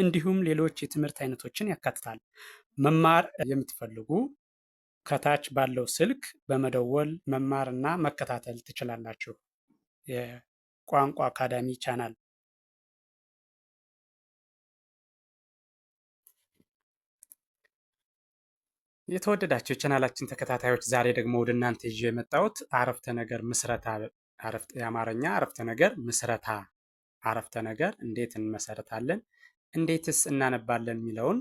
እንዲሁም ሌሎች የትምህርት አይነቶችን ያካትታል። መማር የምትፈልጉ ከታች ባለው ስልክ በመደወል መማርና መከታተል ትችላላችሁ። የቋንቋ አካዳሚ ቻናል የተወደዳቸው የቻናላችን ተከታታዮች ዛሬ ደግሞ ወደ እናንተ ይዤ የመጣሁት አረፍተ ነገር ምስረታ፣ የአማርኛ አረፍተ ነገር ምስረታ፣ አረፍተ ነገር እንዴት እንመሰረታለን እንዴትስ እናነባለን የሚለውን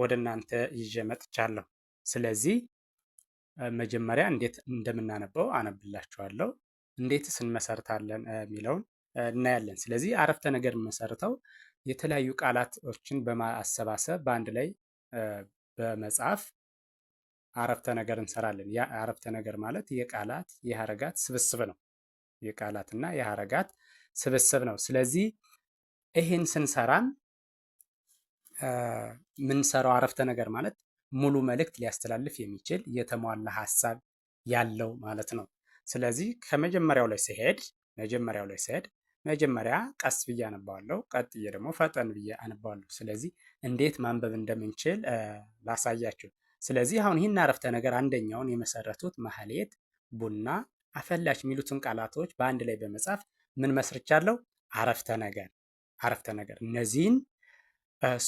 ወደ እናንተ ይዤ መጥቻለሁ። ስለዚህ መጀመሪያ እንዴት እንደምናነበው አነብላችኋለሁ። እንዴትስ እንመሰርታለን የሚለውን እናያለን። ስለዚህ አረፍተ ነገር መሰርተው የተለያዩ ቃላቶችን በማሰባሰብ በአንድ ላይ በመጻፍ አረፍተ ነገር እንሰራለን። አረፍተ ነገር ማለት የቃላት የሀረጋት ስብስብ ነው። የቃላትና የሀረጋት ስብስብ ነው። ስለዚህ ይህን ስንሰራን የምንሰራው አረፍተ ነገር ማለት ሙሉ መልእክት ሊያስተላልፍ የሚችል የተሟላ ሀሳብ ያለው ማለት ነው። ስለዚህ ከመጀመሪያው ላይ ሲሄድ መጀመሪያው ላይ ሲሄድ መጀመሪያ ቀስ ብዬ አነባዋለሁ፣ ቀጥዬ ደግሞ ፈጠን ብዬ አነባዋለሁ። ስለዚህ እንዴት ማንበብ እንደምንችል ላሳያችሁ። ስለዚህ አሁን ይህን አረፍተ ነገር አንደኛውን የመሰረቱት ማህሌት፣ ቡና፣ አፈላች የሚሉትን ቃላቶች በአንድ ላይ በመጻፍ ምን መስርቻለሁ? አረፍተ ነገር አረፍተ ነገር እነዚህን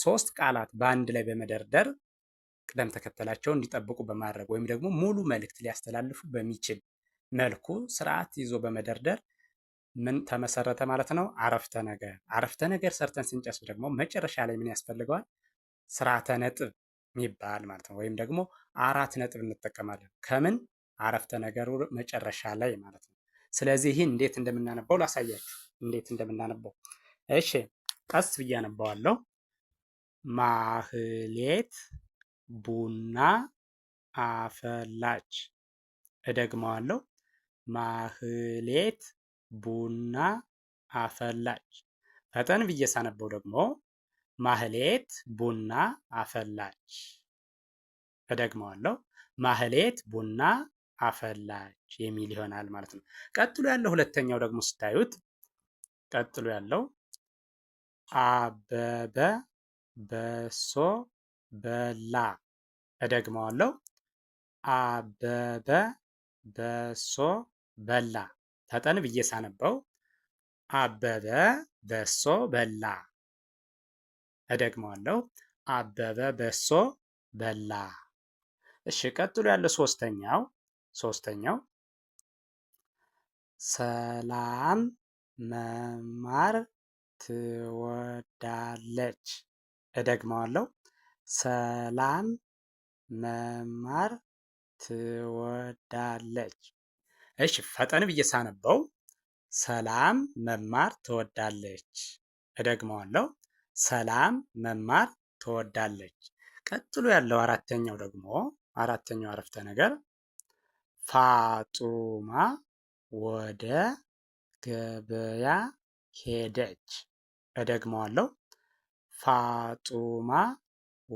ሶስት ቃላት በአንድ ላይ በመደርደር ቅደም ተከተላቸውን እንዲጠብቁ በማድረግ ወይም ደግሞ ሙሉ መልእክት ሊያስተላልፉ በሚችል መልኩ ስርዓት ይዞ በመደርደር ምን ተመሰረተ ማለት ነው? አረፍተ ነገር። አረፍተ ነገር ሰርተን ስንጨርስ ደግሞ መጨረሻ ላይ ምን ያስፈልገዋል? ስርዓተ ነጥብ የሚባል ማለት ነው። ወይም ደግሞ አራት ነጥብ እንጠቀማለን። ከምን አረፍተ ነገሩ መጨረሻ ላይ ማለት ነው። ስለዚህ ይህን እንዴት እንደምናነበው ላሳያችሁ፣ እንዴት እንደምናነበው። እሺ ቀስ ብዬ ማህሌት ቡና አፈላች። እደግመዋለሁ። ማህሌት ቡና አፈላች። ፈጠን ብዬ ሳነበው ደግሞ ማህሌት ቡና አፈላች። እደግመዋለሁ። ማህሌት ቡና አፈላች የሚል ይሆናል ማለት ነው። ቀጥሎ ያለው ሁለተኛው ደግሞ ስታዩት ቀጥሎ ያለው አበበ በሶ በላ። እደግመዋለሁ። አበበ በሶ በላ። ፈጠን ብዬ ሳነበው አበበ በሶ በላ። እደግመዋለሁ። አበበ በሶ በላ። እሺ፣ ቀጥሎ ያለው ሶስተኛው ሶስተኛው ሰላም መማር ትወዳለች። እደግመዋለሁ። ሰላም መማር ትወዳለች። እሺ ፈጠን ብዬ ሳነበው ሰላም መማር ትወዳለች። እደግመዋለሁ። ሰላም መማር ትወዳለች። ቀጥሎ ያለው አራተኛው ደግሞ አራተኛው አረፍተ ነገር ፋጡማ ወደ ገበያ ሄደች። እደግመዋለሁ። ፋጡማ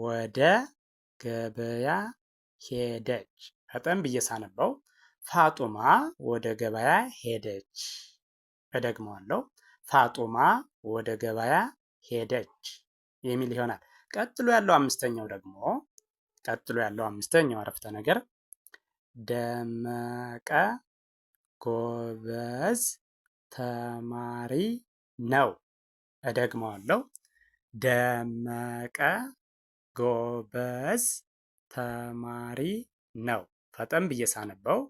ወደ ገበያ ሄደች። ፈጠን ብዬ ሳነበው ፋጡማ ወደ ገበያ ሄደች። እደግመዋለሁ። ፋጡማ ወደ ገበያ ሄደች የሚል ይሆናል። ቀጥሎ ያለው አምስተኛው ደግሞ ቀጥሎ ያለው አምስተኛው አረፍተ ነገር ደመቀ ጎበዝ ተማሪ ነው። እደግመዋለሁ። ደመቀ ጎበዝ ተማሪ ነው። ፈጠን ብዬ ሳነበው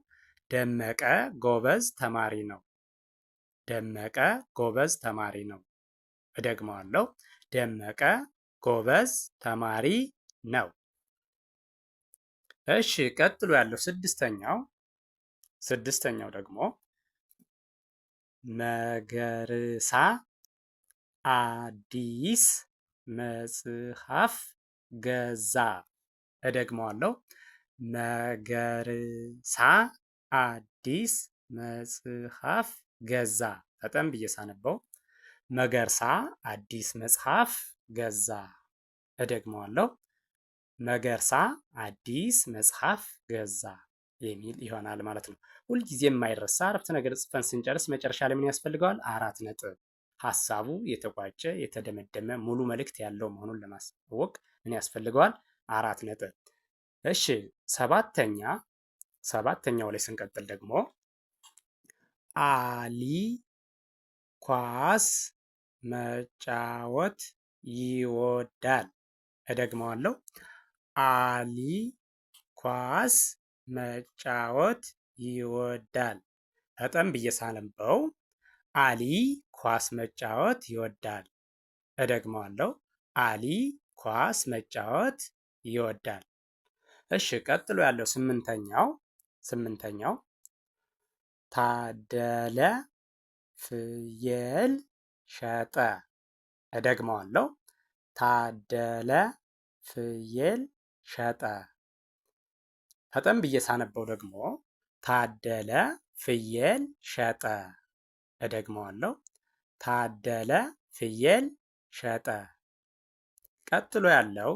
ደመቀ ጎበዝ ተማሪ ነው። ደመቀ ጎበዝ ተማሪ ነው። እደግመዋለሁ። ደመቀ ጎበዝ ተማሪ ነው። እሺ ቀጥሎ ያለው ስድስተኛው ስድስተኛው ደግሞ መገርሳ አዲስ መጽሐፍ ገዛ። እደግመዋለሁ። መገርሳ አዲስ መጽሐፍ ገዛ። በጣም ብዬ ሳነበው መገርሳ አዲስ መጽሐፍ ገዛ። እደግመዋለሁ። መገርሳ አዲስ መጽሐፍ ገዛ የሚል ይሆናል ማለት ነው። ሁልጊዜ የማይረሳ አረፍተ ነገር ጽፈን ስንጨርስ መጨረሻ ላይ ምን ያስፈልገዋል? አራት ነጥብ ሀሳቡ የተቋጨ የተደመደመ ሙሉ መልእክት ያለው መሆኑን ለማስታወቅ ምን ያስፈልገዋል? አራት ነጥብ። እሺ ሰባተኛ ሰባተኛው ላይ ስንቀጥል ደግሞ አሊ ኳስ መጫወት ይወዳል። እደግመዋለሁ። አሊ ኳስ መጫወት ይወዳል። በጣም ብዬ ሳነበው አሊ ኳስ መጫወት ይወዳል። እደግመዋለሁ፣ አሊ ኳስ መጫወት ይወዳል። እሺ ቀጥሎ ያለው ስምንተኛው ስምንተኛው ታደለ ፍየል ሸጠ። እደግመዋለሁ፣ ታደለ ፍየል ሸጠ። ፈጠን ብዬ ሳነበው ደግሞ ታደለ ፍየል ሸጠ እደግመዋለሁ። ታደለ ፍየል ሸጠ። ቀጥሎ ያለው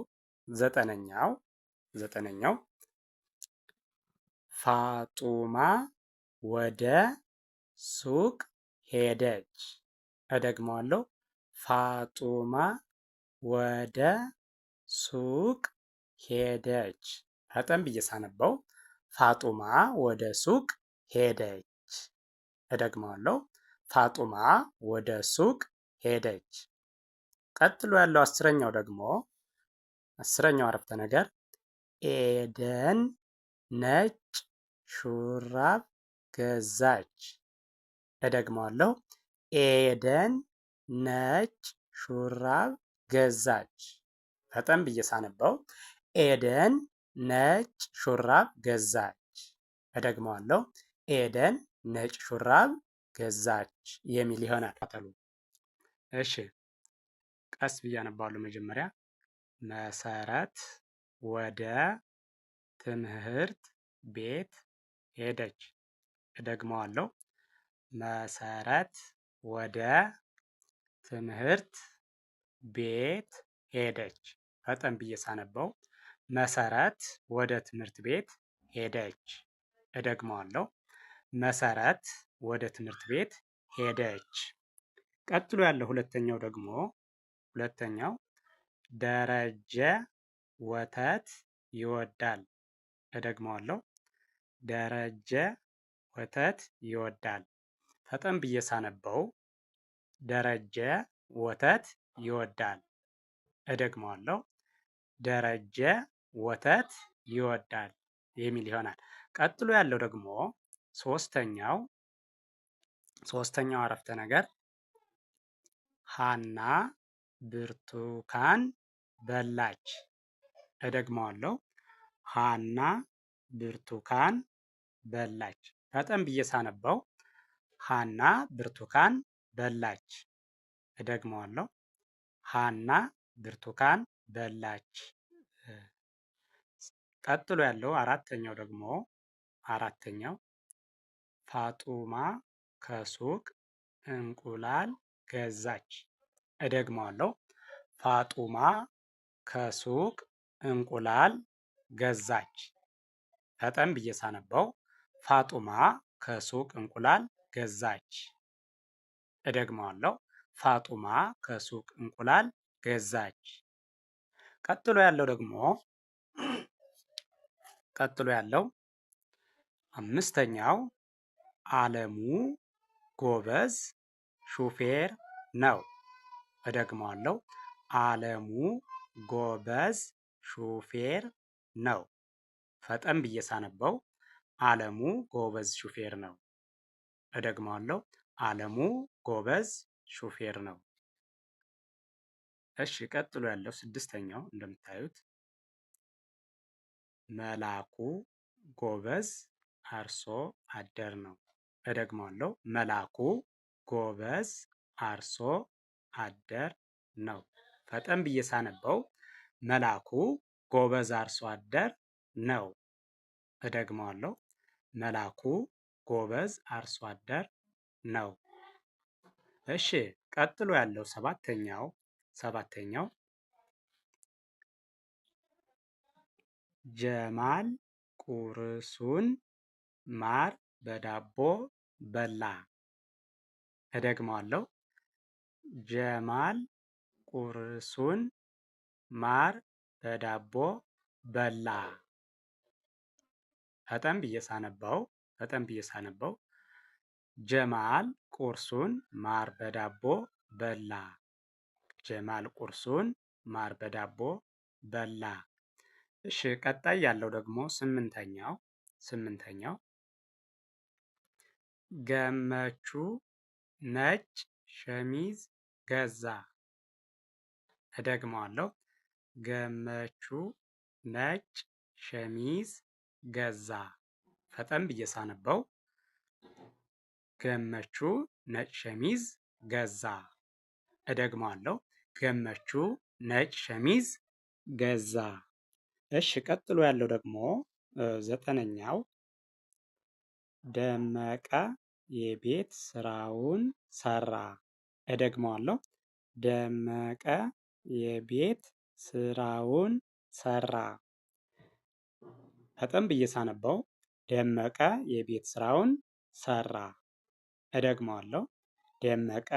ዘጠነኛው ዘጠነኛው ፋጡማ ወደ ሱቅ ሄደች። እደግመዋለሁ። ፋጡማ ወደ ሱቅ ሄደች። ፈጠን ብዬ ሳነበው ፋጡማ ወደ ሱቅ ሄደች። እደግመዋለሁ። ፋጡማ ወደ ሱቅ ሄደች። ቀጥሎ ያለው አስረኛው ደግሞ አስረኛው አረፍተ ነገር ኤደን ነጭ ሹራብ ገዛች። እደግመዋለሁ። ኤደን ነጭ ሹራብ ገዛች። በጣም ብዬ ሳነበው ኤደን ነጭ ሹራብ ገዛች። እደግመዋለሁ። ኤደን ነጭ ሹራብ ገዛች የሚል ይሆናል። ተሉ እሺ፣ ቀስ ብዬ አነባለሁ። መጀመሪያ መሰረት ወደ ትምህርት ቤት ሄደች። እደግመዋለሁ። መሰረት ወደ ትምህርት ቤት ሄደች። ፈጠን ብዬ ሳነበው መሰረት ወደ ትምህርት ቤት ሄደች። እደግመዋለሁ። መሰረት ወደ ትምህርት ቤት ሄደች። ቀጥሎ ያለው ሁለተኛው ደግሞ ሁለተኛው ደረጀ ወተት ይወዳል። እደግመዋለሁ። ደረጀ ወተት ይወዳል። ፈጠን ብዬ ሳነበው ደረጀ ወተት ይወዳል። እደግመዋለሁ። ደረጀ ወተት ይወዳል የሚል ይሆናል። ቀጥሎ ያለው ደግሞ ሶስተኛው ሶስተኛው አረፍተ ነገር ሃና ብርቱካን በላች። እደግመዋለሁ። ሃና ብርቱካን በላች። በጣም ብዬ ሳነበው ሃና ብርቱካን በላች። እደግመዋለሁ። ሃና ብርቱካን በላች። ቀጥሎ ያለው አራተኛው ደግሞ አራተኛው ፋጡማ ከሱቅ እንቁላል ገዛች። እደግመዋለሁ። ፋጡማ ከሱቅ እንቁላል ገዛች። ፈጠን ብዬ ሳነበው ፋጡማ ከሱቅ እንቁላል ገዛች። እደግመዋለሁ። ፋጡማ ከሱቅ እንቁላል ገዛች። ቀጥሎ ያለው ደግሞ ቀጥሎ ያለው አምስተኛው አለሙ ጎበዝ ሹፌር ነው። እደግመዋለሁ። አለሙ ጎበዝ ሹፌር ነው። ፈጠን ብዬ ሳነበው አለሙ ጎበዝ ሹፌር ነው። እደግመዋለሁ። አለሙ ጎበዝ ሹፌር ነው። እሺ፣ ቀጥሎ ያለው ስድስተኛው እንደምታዩት መላኩ ጎበዝ አርሶ አደር ነው። እደግመዋለሁ። መላኩ ጎበዝ አርሶ አደር ነው። ፈጠን ብዬ ሳነበው መላኩ ጎበዝ አርሶ አደር ነው። እደግመዋለሁ። መላኩ ጎበዝ አርሶ አደር ነው። እሺ ቀጥሎ ያለው ሰባተኛው ሰባተኛው ጀማል ቁርሱን ማር በዳቦ በላ እደግመዋለሁ ጀማል ቁርሱን ማር በዳቦ በላ በጣም ብዬ ሳነበው ፈጠን ብዬ ሳነበው ጀማል ቁርሱን ማር በዳቦ በላ ጀማል ቁርሱን ማር በዳቦ በላ እሺ ቀጣይ ያለው ደግሞ ስምንተኛው ስምንተኛው ገመቹ ነጭ ሸሚዝ ገዛ። እደግመዋለሁ። ገመቹ ነጭ ሸሚዝ ገዛ። ፈጠን ብዬ ሳነበው ገመቹ ነጭ ሸሚዝ ገዛ። እደግመዋለሁ። ገመቹ ነጭ ሸሚዝ ገዛ። እሺ፣ ቀጥሎ ያለው ደግሞ ዘጠነኛው ደመቀ የቤት ስራውን ሰራ። እደግመዋለሁ። ደመቀ የቤት ስራውን ሰራ። ፈጠን ብዬ ሳነባው ደመቀ የቤት ስራውን ሰራ። እደግመዋለሁ። ደመቀ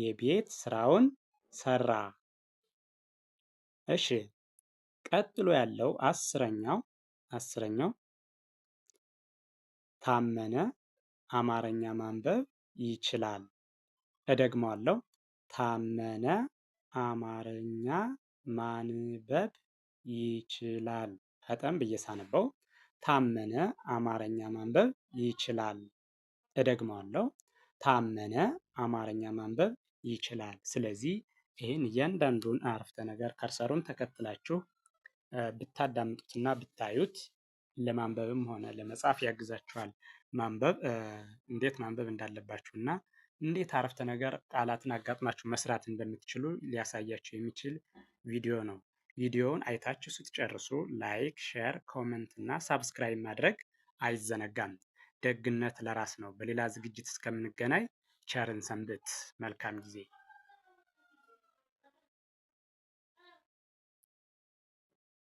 የቤት ስራውን ሰራ። እሺ ቀጥሎ ያለው አስረኛው አስረኛው ታመነ አማርኛ ማንበብ ይችላል። እደግመዋለሁ። ታመነ አማርኛ ማንበብ ይችላል። ፈጠን ብዬ ሳነበው ታመነ አማርኛ ማንበብ ይችላል። እደግመዋለሁ። ታመነ አማርኛ ማንበብ ይችላል። ስለዚህ ይህን እያንዳንዱን አረፍተ ነገር ከርሰሩን ተከትላችሁ ብታዳምጡትና ብታዩት ለማንበብም ሆነ ለመጻፍ ያግዛችኋል። ማንበብ እንዴት ማንበብ እንዳለባችሁ እና እንዴት አረፍተ ነገር ቃላትን አጋጥማችሁ መስራት እንደምትችሉ ሊያሳያችሁ የሚችል ቪዲዮ ነው። ቪዲዮውን አይታችሁ ስትጨርሱ ላይክ፣ ሼር፣ ኮመንት እና ሳብስክራይብ ማድረግ አይዘነጋም። ደግነት ለራስ ነው። በሌላ ዝግጅት እስከምንገናኝ ቸርን ሰንብት። መልካም ጊዜ